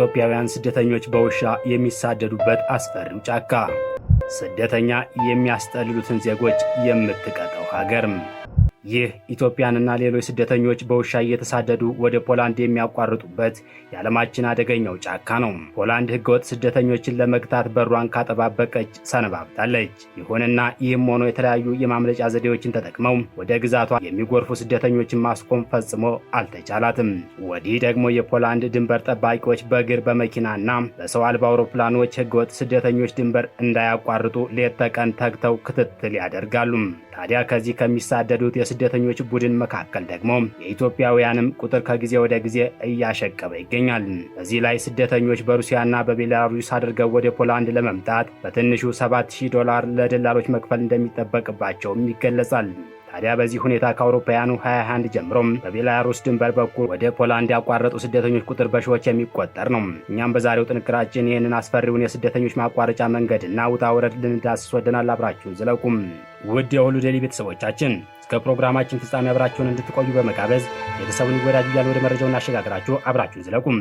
ኢትዮጵያውያን ስደተኞች በውሻ የሚሳደዱበት አስፈሪው ጫካ፣ ስደተኛ የሚያስጠልሉትን ዜጎች የምትቀጠው ሀገርም ይህ ኢትዮጵያንና ሌሎች ስደተኞች በውሻ እየተሳደዱ ወደ ፖላንድ የሚያቋርጡበት የዓለማችን አደገኛው ጫካ ነው። ፖላንድ ህገወጥ ስደተኞችን ለመግታት በሯን ካጠባበቀች ሰነባብታለች። ይሁንና ይህም ሆኖ የተለያዩ የማምለጫ ዘዴዎችን ተጠቅመው ወደ ግዛቷ የሚጎርፉ ስደተኞችን ማስቆም ፈጽሞ አልተቻላትም። ወዲህ ደግሞ የፖላንድ ድንበር ጠባቂዎች በእግር በመኪናና በሰው አልባ አውሮፕላኖች ህገወጥ ስደተኞች ድንበር እንዳያቋርጡ ሌት ተቀን ተግተው ክትትል ያደርጋሉ። ታዲያ ከዚህ ከሚሳደዱት የስደተኞች ቡድን መካከል ደግሞ የኢትዮጵያውያንም ቁጥር ከጊዜ ወደ ጊዜ እያሸቀበ ይገኛል። በዚህ ላይ ስደተኞች በሩሲያና በቤላሩስ አድርገው ወደ ፖላንድ ለመምጣት በትንሹ 7000 ዶላር ለደላሎች መክፈል እንደሚጠበቅባቸውም ይገለጻል። ታዲያ በዚህ ሁኔታ ከአውሮፓውያኑ 21 ጀምሮም በቤላሩስ ድንበር በኩል ወደ ፖላንድ ያቋረጡ ስደተኞች ቁጥር በሺዎች የሚቆጠር ነው። እኛም በዛሬው ጥንቅራችን ይህንን አስፈሪውን የስደተኞች ማቋረጫ መንገድና ውጣ ውረድ ልንዳስስ ወደናል። አብራችሁ ዝለቁም። ውድ የሁሉ ዴይሊ ቤተሰቦቻችን እስከ ፕሮግራማችን ፍጻሜ አብራችሁን እንድትቆዩ በመጋበዝ ቤተሰቡን ይወዳጁ እያልን ወደ መረጃው እናሸጋግራችሁ። አብራችሁን ዝለቁም።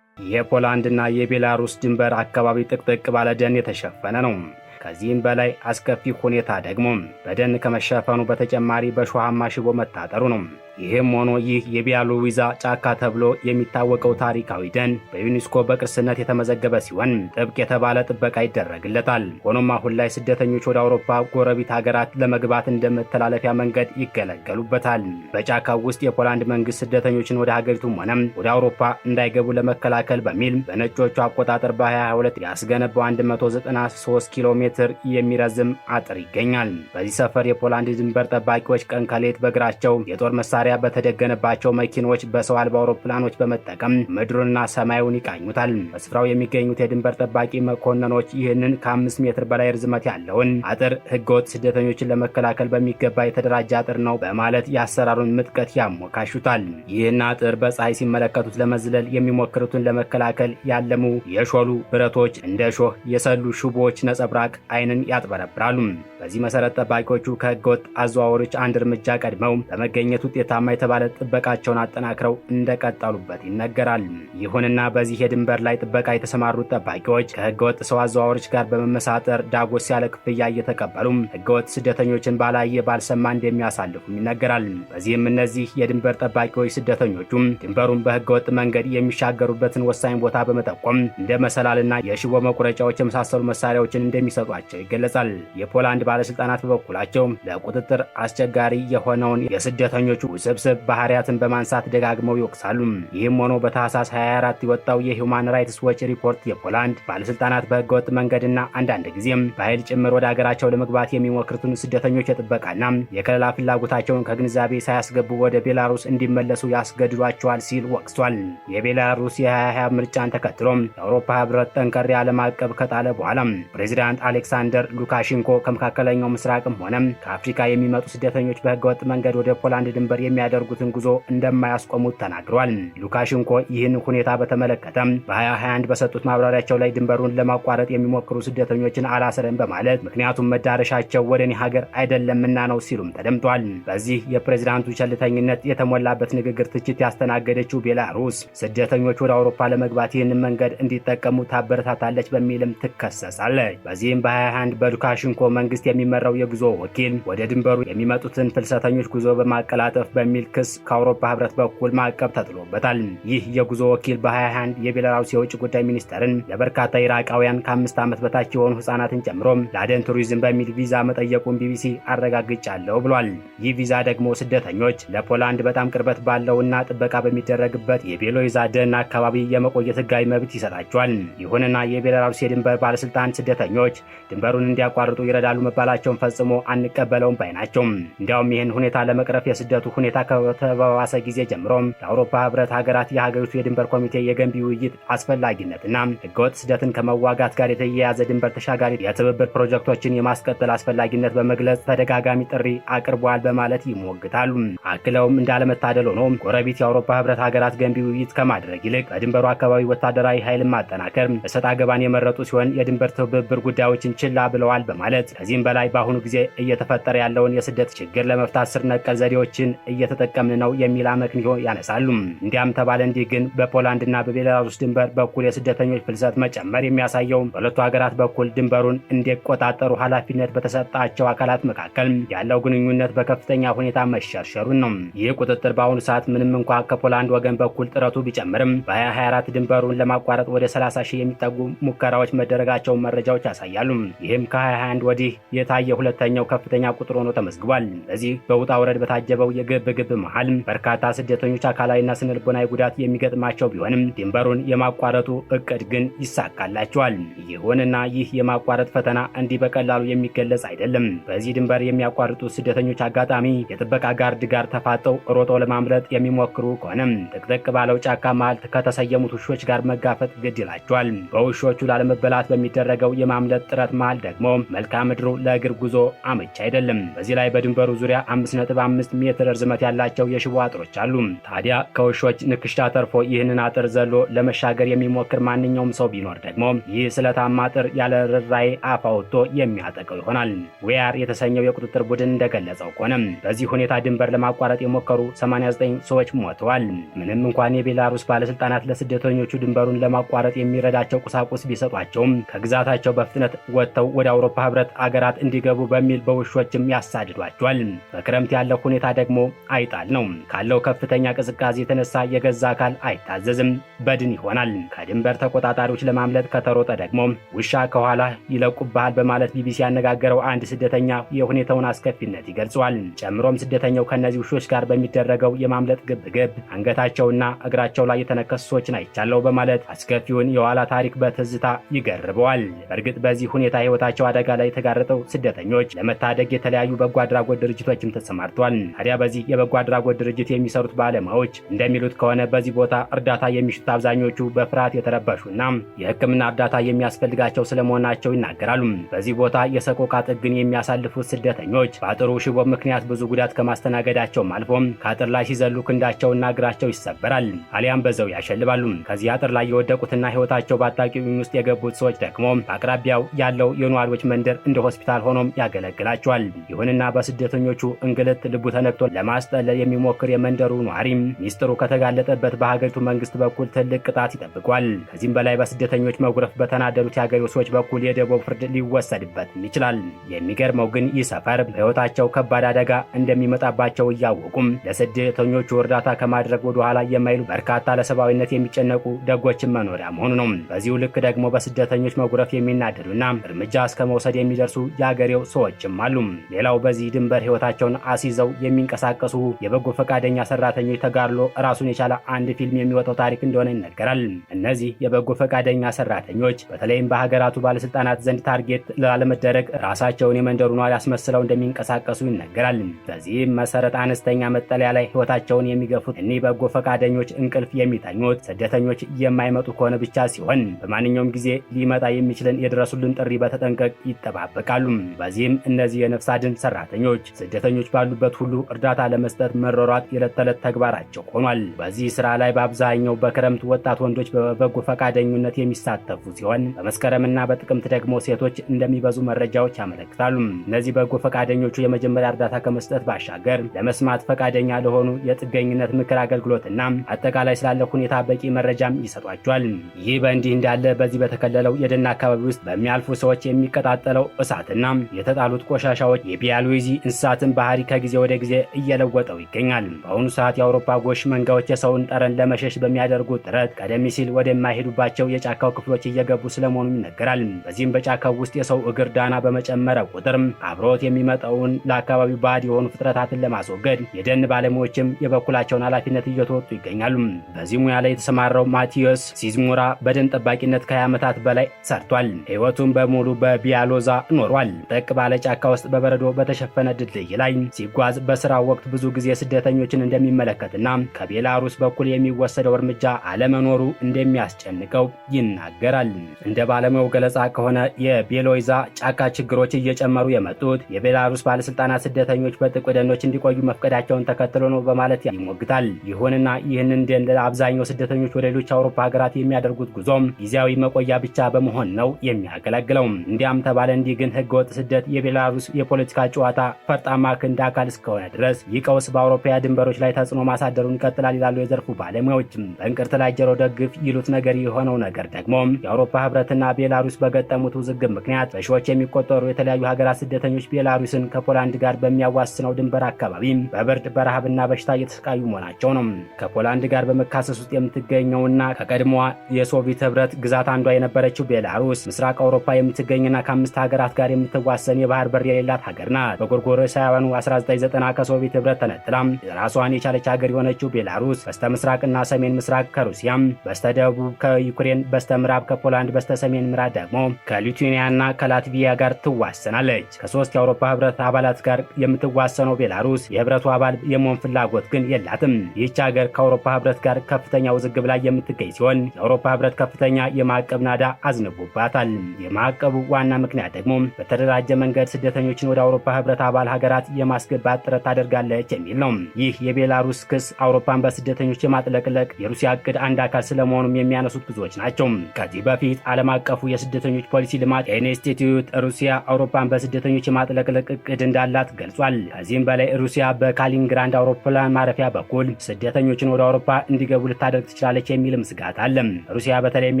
የፖላንድና የቤላሩስ ድንበር አካባቢ ጥቅጥቅ ባለ ደን የተሸፈነ ነው። ከዚህም በላይ አስከፊ ሁኔታ ደግሞ በደን ከመሸፈኑ በተጨማሪ በሾሃማ ሽቦ መታጠሩ ነው። ይህም ሆኖ ይህ የቢያሎዊዛ ጫካ ተብሎ የሚታወቀው ታሪካዊ ደን በዩኔስኮ በቅርስነት የተመዘገበ ሲሆን ጥብቅ የተባለ ጥበቃ ይደረግለታል። ሆኖም አሁን ላይ ስደተኞች ወደ አውሮፓ ጎረቤት ሀገራት ለመግባት እንደ መተላለፊያ መንገድ ይገለገሉበታል። በጫካው ውስጥ የፖላንድ መንግስት ስደተኞችን ወደ ሀገሪቱም ሆነም ወደ አውሮፓ እንዳይገቡ ለመከላከል በሚል በነጮቹ አቆጣጠር በ 22 ያስገነባው 193 ኪሎ ሜትር የሚረዝም አጥር ይገኛል። በዚህ ሰፈር የፖላንድ ድንበር ጠባቂዎች ቀን ከሌት በእግራቸው የጦር መሳሪያ መሳሪያ በተደገነባቸው መኪኖች በሰው አልባ አውሮፕላኖች በመጠቀም ምድሩንና ሰማዩን ይቃኙታል። በስፍራው የሚገኙት የድንበር ጠባቂ መኮንኖች ይህንን ከአምስት ሜትር በላይ ርዝመት ያለውን አጥር ህገወጥ ስደተኞችን ለመከላከል በሚገባ የተደራጀ አጥር ነው በማለት የአሰራሩን ምጥቀት ያሞካሹታል። ይህን አጥር በፀሐይ ሲመለከቱት ለመዝለል የሚሞክሩትን ለመከላከል ያለሙ የሾሉ ብረቶች፣ እንደ ሾህ የሰሉ ሽቦዎች ነጸብራቅ አይንን ያጥበረብራሉ። በዚህ መሰረት ጠባቂዎቹ ከህገወጥ አዘዋዋሪዎች አንድ እርምጃ ቀድመው በመገኘት ውጤታ ውጤታማ የተባለ ጥበቃቸውን አጠናክረው እንደቀጠሉበት ይነገራል። ይሁንና በዚህ የድንበር ላይ ጥበቃ የተሰማሩት ጠባቂዎች ከህገወጥ ሰው አዘዋዋሪዎች ጋር በመመሳጠር ዳጎስ ያለ ክፍያ እየተቀበሉም ህገወጥ ስደተኞችን ባላየ ባልሰማ እንደሚያሳልፉም ይነገራል። በዚህም እነዚህ የድንበር ጠባቂዎች ስደተኞቹም ድንበሩን በህገወጥ መንገድ የሚሻገሩበትን ወሳኝ ቦታ በመጠቆም እንደ መሰላልና የሽቦ መቁረጫዎች የመሳሰሉ መሳሪያዎችን እንደሚሰጧቸው ይገለጻል። የፖላንድ ባለስልጣናት በበኩላቸው ለቁጥጥር አስቸጋሪ የሆነውን የስደተኞቹ ውስብስብ ባህሪያትን በማንሳት ደጋግመው ይወቅሳሉ። ይህም ሆኖ በታህሳስ 24 የወጣው የሂውማን ራይትስ ዎች ሪፖርት የፖላንድ ባለስልጣናት በህገወጥ መንገድና አንዳንድ ጊዜም በኃይል ጭምር ወደ አገራቸው ለመግባት የሚሞክሩትን ስደተኞች የጥበቃና የከለላ ፍላጎታቸውን ከግንዛቤ ሳያስገቡ ወደ ቤላሩስ እንዲመለሱ ያስገድዷቸዋል ሲል ወቅሷል። የቤላሩስ የ2020 ምርጫን ተከትሎም የአውሮፓ ህብረት ጠንከር ያለ ማዕቀብ ከጣለ በኋላ ፕሬዚዳንት አሌክሳንደር ሉካሼንኮ ከመካከለኛው ምስራቅም ሆነ ከአፍሪካ የሚመጡ ስደተኞች በህገወጥ መንገድ ወደ ፖላንድ ድንበር የሚያደርጉትን ጉዞ እንደማያስቆሙት ተናግሯል። ሉካሽንኮ ይህን ሁኔታ በተመለከተ በ2021 በሰጡት ማብራሪያቸው ላይ ድንበሩን ለማቋረጥ የሚሞክሩ ስደተኞችን አላስረን በማለት ምክንያቱም መዳረሻቸው ወደ እኔ ሀገር አይደለምና ነው ሲሉም ተደምጧል። በዚህ የፕሬዚዳንቱ ቸልተኝነት የተሞላበት ንግግር ትችት ያስተናገደችው ቤላሩስ ስደተኞች ወደ አውሮፓ ለመግባት ይህንን መንገድ እንዲጠቀሙ ታበረታታለች በሚልም ትከሰሳለች። በዚህም በ2021 በሉካሽንኮ መንግስት የሚመራው የጉዞ ወኪል ወደ ድንበሩ የሚመጡትን ፍልሰተኞች ጉዞ በማቀላጠፍ በ በሚል ክስ ከአውሮፓ ህብረት በኩል ማዕቀብ ተጥሎበታል። ይህ የጉዞ ወኪል በ 22 የቤላሩስ የውጭ ጉዳይ ሚኒስቴርን ለበርካታ ኢራቃውያን ከአምስት ዓመት በታች የሆኑ ህጻናትን ጨምሮ ለአደን ቱሪዝም በሚል ቪዛ መጠየቁን ቢቢሲ አረጋግጫለሁ ብሏል። ይህ ቪዛ ደግሞ ስደተኞች ለፖላንድ በጣም ቅርበት ባለውና ጥበቃ በሚደረግበት የቤሎይዛ ደን አካባቢ የመቆየት ህጋዊ መብት ይሰጣቸዋል። ይሁንና የቤላሩስ የድንበር ባለስልጣን ስደተኞች ድንበሩን እንዲያቋርጡ ይረዳሉ መባላቸውን ፈጽሞ አንቀበለውም ባይ ናቸው። እንዲያውም ይህን ሁኔታ ለመቅረፍ የስደቱ ሁኔታ ሁኔታ ከተባባሰ ጊዜ ጀምሮም የአውሮፓ ህብረት ሀገራት የሀገሪቱ የድንበር ኮሚቴ የገንቢ ውይይት አስፈላጊነትና ህገወጥ ስደትን ከመዋጋት ጋር የተያያዘ ድንበር ተሻጋሪ የትብብር ፕሮጀክቶችን የማስቀጠል አስፈላጊነት በመግለጽ ተደጋጋሚ ጥሪ አቅርበዋል በማለት ይሞግታሉ። አክለውም እንዳለመታደል ሆኖ ጎረቤት የአውሮፓ ህብረት ሀገራት ገንቢ ውይይት ከማድረግ ይልቅ በድንበሩ አካባቢ ወታደራዊ ኃይልን ማጠናከር እሰጥ አገባን የመረጡ ሲሆን የድንበር ትብብር ጉዳዮችን ችላ ብለዋል በማለት ከዚህም በላይ በአሁኑ ጊዜ እየተፈጠረ ያለውን የስደት ችግር ለመፍታት ስር ነቀል ዘዴዎችን እየተጠቀምን ነው የሚል አመክንዮ ያነሳሉ። እንዲያም ተባለ እንዲህ ግን በፖላንድና በቤላሩስ ድንበር በኩል የስደተኞች ፍልሰት መጨመር የሚያሳየው በሁለቱ ሀገራት በኩል ድንበሩን እንዲቆጣጠሩ ኃላፊነት በተሰጣቸው አካላት መካከል ያለው ግንኙነት በከፍተኛ ሁኔታ መሸርሸሩን ነው። ይህ ቁጥጥር በአሁኑ ሰዓት ምንም እንኳ ከፖላንድ ወገን በኩል ጥረቱ ቢጨምርም በ2024 ድንበሩን ለማቋረጥ ወደ 30 ሺህ የሚጠጉ ሙከራዎች መደረጋቸውን መረጃዎች ያሳያሉ። ይህም ከ2021 ወዲህ የታየ ሁለተኛው ከፍተኛ ቁጥር ሆኖ ተመዝግቧል። በዚህ በውጣ ውረድ በታጀበው የግብ በግብ መሃል በርካታ ስደተኞች አካላዊና ስነልቦናዊ ጉዳት የሚገጥማቸው ቢሆንም ድንበሩን የማቋረጡ እቅድ ግን ይሳካላቸዋል። ይሁንና ይህ የማቋረጥ ፈተና እንዲህ በቀላሉ የሚገለጽ አይደለም። በዚህ ድንበር የሚያቋርጡ ስደተኞች አጋጣሚ የጥበቃ ጋርድ ጋር ተፋጠው ሮጦ ለማምለጥ የሚሞክሩ ከሆነም ጥቅጥቅ ባለው ጫካ መሃል ከተሰየሙት ውሾች ጋር መጋፈጥ ግድ ይላቸዋል። በውሾቹ ላለመበላት በሚደረገው የማምለጥ ጥረት መሃል ደግሞ መልክዓ ምድሩ ለእግር ጉዞ አመች አይደለም። በዚህ ላይ በድንበሩ ዙሪያ 5.5 ሜትር ርዝመት ያላቸው የሽቦ አጥሮች አሉ። ታዲያ ከውሾች ንክሻ ተርፎ ይህንን አጥር ዘሎ ለመሻገር የሚሞክር ማንኛውም ሰው ቢኖር ደግሞ ይህ ስለታማ አጥር ያለ ርራዬ አፍ አውጥቶ የሚያጠቀው ይሆናል። ዊያር የተሰኘው የቁጥጥር ቡድን እንደገለጸው ከሆነ በዚህ ሁኔታ ድንበር ለማቋረጥ የሞከሩ 89 ሰዎች ሞተዋል። ምንም እንኳን የቤላሩስ ባለስልጣናት ለስደተኞቹ ድንበሩን ለማቋረጥ የሚረዳቸው ቁሳቁስ ቢሰጧቸውም ከግዛታቸው በፍጥነት ወጥተው ወደ አውሮፓ ህብረት አገራት እንዲገቡ በሚል በውሾችም ያሳድዷቸዋል። በክረምት ያለው ሁኔታ ደግሞ አይጣል ነው። ካለው ከፍተኛ ቅዝቃዜ የተነሳ የገዛ አካል አይታዘዝም፣ በድን ይሆናል። ከድንበር ተቆጣጣሪዎች ለማምለጥ ከተሮጠ ደግሞ ውሻ ከኋላ ይለቁብሃል በማለት ቢቢሲ ያነጋገረው አንድ ስደተኛ የሁኔታውን አስከፊነት ይገልጸዋል። ጨምሮም ስደተኛው ከእነዚህ ውሾች ጋር በሚደረገው የማምለጥ ግብግብ አንገታቸውና እግራቸው ላይ የተነከሱ ሰዎችን አይቻለው በማለት አስከፊውን የኋላ ታሪክ በትዝታ ይገርበዋል። በእርግጥ በዚህ ሁኔታ ህይወታቸው አደጋ ላይ የተጋረጠው ስደተኞች ለመታደግ የተለያዩ በጎ አድራጎት ድርጅቶችም ተሰማርተዋል። ታዲያ በዚህ የበጎ አድራጎት ድርጅት የሚሰሩት ባለሙያዎች እንደሚሉት ከሆነ በዚህ ቦታ እርዳታ የሚሹት አብዛኞቹ በፍርሃት የተረበሹና የሕክምና እርዳታ የሚያስፈልጋቸው ስለመሆናቸው ይናገራሉ። በዚህ ቦታ የሰቆቃ ጥግን የሚያሳልፉት ስደተኞች በአጥሩ ሽቦ ምክንያት ብዙ ጉዳት ከማስተናገዳቸውም አልፎም ከአጥር ላይ ሲዘሉ ክንዳቸውና እግራቸው ይሰበራል፣ አሊያም በዘው ያሸልባሉ። ከዚህ አጥር ላይ የወደቁትና ሕይወታቸው በአጣቂ ውስጥ የገቡት ሰዎች ደግሞ በአቅራቢያው ያለው የነዋሪዎች መንደር እንደ ሆስፒታል ሆኖም ያገለግላቸዋል። ይሁንና በስደተኞቹ እንግልት ልቡ ተነክቶ ለማ ለማስጠለል የሚሞክር የመንደሩ ኗሪ ሚስጥሩ ከተጋለጠበት በሀገሪቱ መንግስት በኩል ትልቅ ቅጣት ይጠብቋል። ከዚህም በላይ በስደተኞች መጉረፍ በተናደዱት የአገሬው ሰዎች በኩል የደቦብ ፍርድ ሊወሰድበትም ይችላል። የሚገርመው ግን ይህ ሰፈር በሕይወታቸው ከባድ አደጋ እንደሚመጣባቸው እያወቁም ለስደተኞቹ እርዳታ ከማድረግ ወደ ኋላ የማይሉ በርካታ ለሰብአዊነት የሚጨነቁ ደጎችን መኖሪያ መሆኑ ነው። በዚሁ ልክ ደግሞ በስደተኞች መጉረፍ የሚናደዱና እርምጃ እስከ መውሰድ የሚደርሱ የአገሬው ሰዎችም አሉ። ሌላው በዚህ ድንበር ሕይወታቸውን አስይዘው የሚንቀሳቀሱ ራሱ የበጎ ፈቃደኛ ሰራተኞች ተጋድሎ ራሱን የቻለ አንድ ፊልም የሚወጣው ታሪክ እንደሆነ ይነገራል። እነዚህ የበጎ ፈቃደኛ ሰራተኞች በተለይም በሀገራቱ ባለስልጣናት ዘንድ ታርጌት ላለመደረግ ራሳቸውን የመንደሩ ነዋሪ አስመስለው እንደሚንቀሳቀሱ ይነገራል። በዚህም መሰረት አነስተኛ መጠለያ ላይ ህይወታቸውን የሚገፉት እኒህ በጎ ፈቃደኞች እንቅልፍ የሚተኙት ስደተኞች የማይመጡ ከሆነ ብቻ ሲሆን በማንኛውም ጊዜ ሊመጣ የሚችልን የድረሱልን ጥሪ በተጠንቀቅ ይጠባበቃሉ። በዚህም እነዚህ የነፍስ አድን ሰራተኞች ስደተኞች ባሉበት ሁሉ እርዳታ ለመስጠት መሯሯጥ የዕለት ተዕለት ተግባራቸው ሆኗል። በዚህ ስራ ላይ በአብዛኛው በክረምት ወጣት ወንዶች በበጎ ፈቃደኝነት የሚሳተፉ ሲሆን በመስከረምና በጥቅምት ደግሞ ሴቶች እንደሚበዙ መረጃዎች ያመለክታሉ። እነዚህ በጎ ፈቃደኞቹ የመጀመሪያ እርዳታ ከመስጠት ባሻገር ለመስማት ፈቃደኛ ለሆኑ የጥገኝነት ምክር አገልግሎትና አጠቃላይ ስላለ ሁኔታ በቂ መረጃም ይሰጧቸዋል። ይህ በእንዲህ እንዳለ በዚህ በተከለለው የደን አካባቢ ውስጥ በሚያልፉ ሰዎች የሚቀጣጠለው እሳትና የተጣሉት ቆሻሻዎች የቢያሉዚ እንስሳትን ባህሪ ከጊዜ ወደ ጊዜ እየለው ተለውጠው ይገኛል። በአሁኑ ሰዓት የአውሮፓ ጎሽ መንጋዎች የሰውን ጠረን ለመሸሽ በሚያደርጉት ጥረት ቀደም ሲል ወደማይሄዱባቸው የጫካው ክፍሎች እየገቡ ስለመሆኑ ይነገራል። በዚህም በጫካው ውስጥ የሰው እግር ዳና በመጨመረ ቁጥርም አብሮት የሚመጣውን ለአካባቢው ባዕድ የሆኑ ፍጥረታትን ለማስወገድ የደን ባለሙያዎችም የበኩላቸውን ኃላፊነት እየተወጡ ይገኛሉ። በዚህ ሙያ ላይ የተሰማራው ማቲዮስ ሲዝሙራ በደን ጠባቂነት ከ20 ዓመታት በላይ ሰርቷል። ሕይወቱን በሙሉ በቢያሎዛ ኖሯል። ጠቅ ባለ ጫካ ውስጥ በበረዶ በተሸፈነ ድልድይ ላይ ሲጓዝ በስራ ወቅት ብዙ ብዙ ጊዜ ስደተኞችን እንደሚመለከትና ከቤላሩስ በኩል የሚወሰደው እርምጃ አለመኖሩ እንደሚያስጨንቀው ይናገራል። እንደ ባለሙያው ገለጻ ከሆነ የቤሎይዛ ጫካ ችግሮች እየጨመሩ የመጡት የቤላሩስ ባለስልጣናት ስደተኞች በጥቅ ደኖች እንዲቆዩ መፍቀዳቸውን ተከትሎ ነው በማለት ይሞግታል። ይሁንና ይህን እንደ አብዛኛው ስደተኞች ወደ ሌሎች አውሮፓ ሀገራት የሚያደርጉት ጉዞም ጊዜያዊ መቆያ ብቻ በመሆን ነው የሚያገለግለው። እንዲያም ተባለ እንዲህ ግን ህገወጥ ስደት የቤላሩስ የፖለቲካ ጨዋታ ፈርጣማ ክንድ አካል እስከሆነ ድረስ ይቀ ቀውስ በአውሮፓ ድንበሮች ላይ ተጽዕኖ ማሳደሩን ይቀጥላል ይላሉ የዘርፉ ባለሙያዎችም። በእንቅርት ላይ ጆሮ ደግፍ ይሉት ነገር የሆነው ነገር ደግሞ የአውሮፓ ህብረትና ቤላሩስ በገጠሙት ውዝግብ ምክንያት በሺዎች የሚቆጠሩ የተለያዩ ሀገራት ስደተኞች ቤላሩስን ከፖላንድ ጋር በሚያዋስነው ድንበር አካባቢ በብርድ በረሃብና በሽታ እየተሰቃዩ መሆናቸው ነው። ከፖላንድ ጋር በመካሰስ ውስጥ የምትገኘውና ከቀድሞዋ የሶቪየት ህብረት ግዛት አንዷ የነበረችው ቤላሩስ ምስራቅ አውሮፓ የምትገኝና ከአምስት ሀገራት ጋር የምትዋሰን የባህር በር የሌላት ሀገር ናት። በጎርጎሮሳውያኑ 1990 ከሶቪየት ህብረት ተነጥላም ራሷን የቻለች ሀገር የሆነችው ቤላሩስ በስተ ምስራቅና ሰሜን ምስራቅ ከሩሲያም፣ በስተ ደቡብ ከዩክሬን፣ በስተ ምዕራብ ከፖላንድ፣ በስተ ሰሜን ምዕራብ ደግሞ ከሊቱዌኒያና ከላትቪያ ጋር ትዋሰናለች። ከሶስት የአውሮፓ ህብረት አባላት ጋር የምትዋሰነው ቤላሩስ የህብረቱ አባል የመሆን ፍላጎት ግን የላትም። ይህች ሀገር ከአውሮፓ ህብረት ጋር ከፍተኛ ውዝግብ ላይ የምትገኝ ሲሆን የአውሮፓ ህብረት ከፍተኛ የማዕቀብ ናዳ አዝንቦባታል። የማዕቀቡ ዋና ምክንያት ደግሞ በተደራጀ መንገድ ስደተኞችን ወደ አውሮፓ ህብረት አባል ሀገራት የማስገባት ጥረት ታደርጋለች የሚል ነው። ይህ የቤላሩስ ክስ አውሮፓን በስደተኞች የማጥለቅለቅ የሩሲያ እቅድ አንድ አካል ስለመሆኑም የሚያነሱት ብዙዎች ናቸው። ከዚህ በፊት ዓለም አቀፉ የስደተኞች ፖሊሲ ልማት ኢንስቲትዩት ሩሲያ አውሮፓን በስደተኞች የማጥለቅለቅ እቅድ እንዳላት ገልጿል። ከዚህም በላይ ሩሲያ በካሊንግራንድ አውሮፕላን ማረፊያ በኩል ስደተኞችን ወደ አውሮፓ እንዲገቡ ልታደርግ ትችላለች የሚልም ስጋት አለ። ሩሲያ በተለይም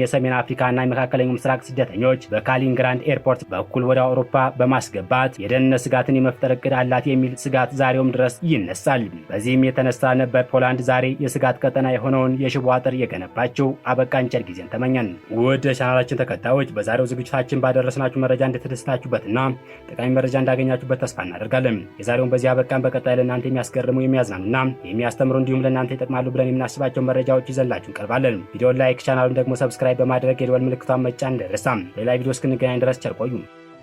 የሰሜን አፍሪካና የመካከለኛው ምስራቅ ስደተኞች በካሊንግራንድ ኤርፖርት በኩል ወደ አውሮፓ በማስገባት የደህንነት ስጋትን የመፍጠር እቅድ አላት የሚል ስጋት ዛሬውም ድረስ ይነሳል። በዚህም የተነሳ ነበር ፖላንድ ዛሬ የስጋት ቀጠና የሆነውን የሽቦ አጥር የገነባቸው። አበቃን። ቸር ጊዜን ተመኘን። ውድ ቻናላችን ተከታዮች በዛሬው ዝግጅታችን ባደረስናችሁ መረጃ እንደተደሰታችሁበትና ጠቃሚ መረጃ እንዳገኛችሁበት ተስፋ እናደርጋለን። የዛሬውን በዚህ አበቃን። በቀጣይ ለእናንተ የሚያስገርሙ የሚያዝናኑና የሚያስተምሩ እንዲሁም ለእናንተ ይጠቅማሉ ብለን የምናስባቸው መረጃዎች ይዘንላችሁ እንቀርባለን። ቪዲዮን ላይክ፣ ቻናሉን ደግሞ ሰብስክራይብ በማድረግ የደወል ምልክቷን መጫን እንዳይረሳ። ሌላ ቪዲዮ እስክንገናኝ ድረስ ቸር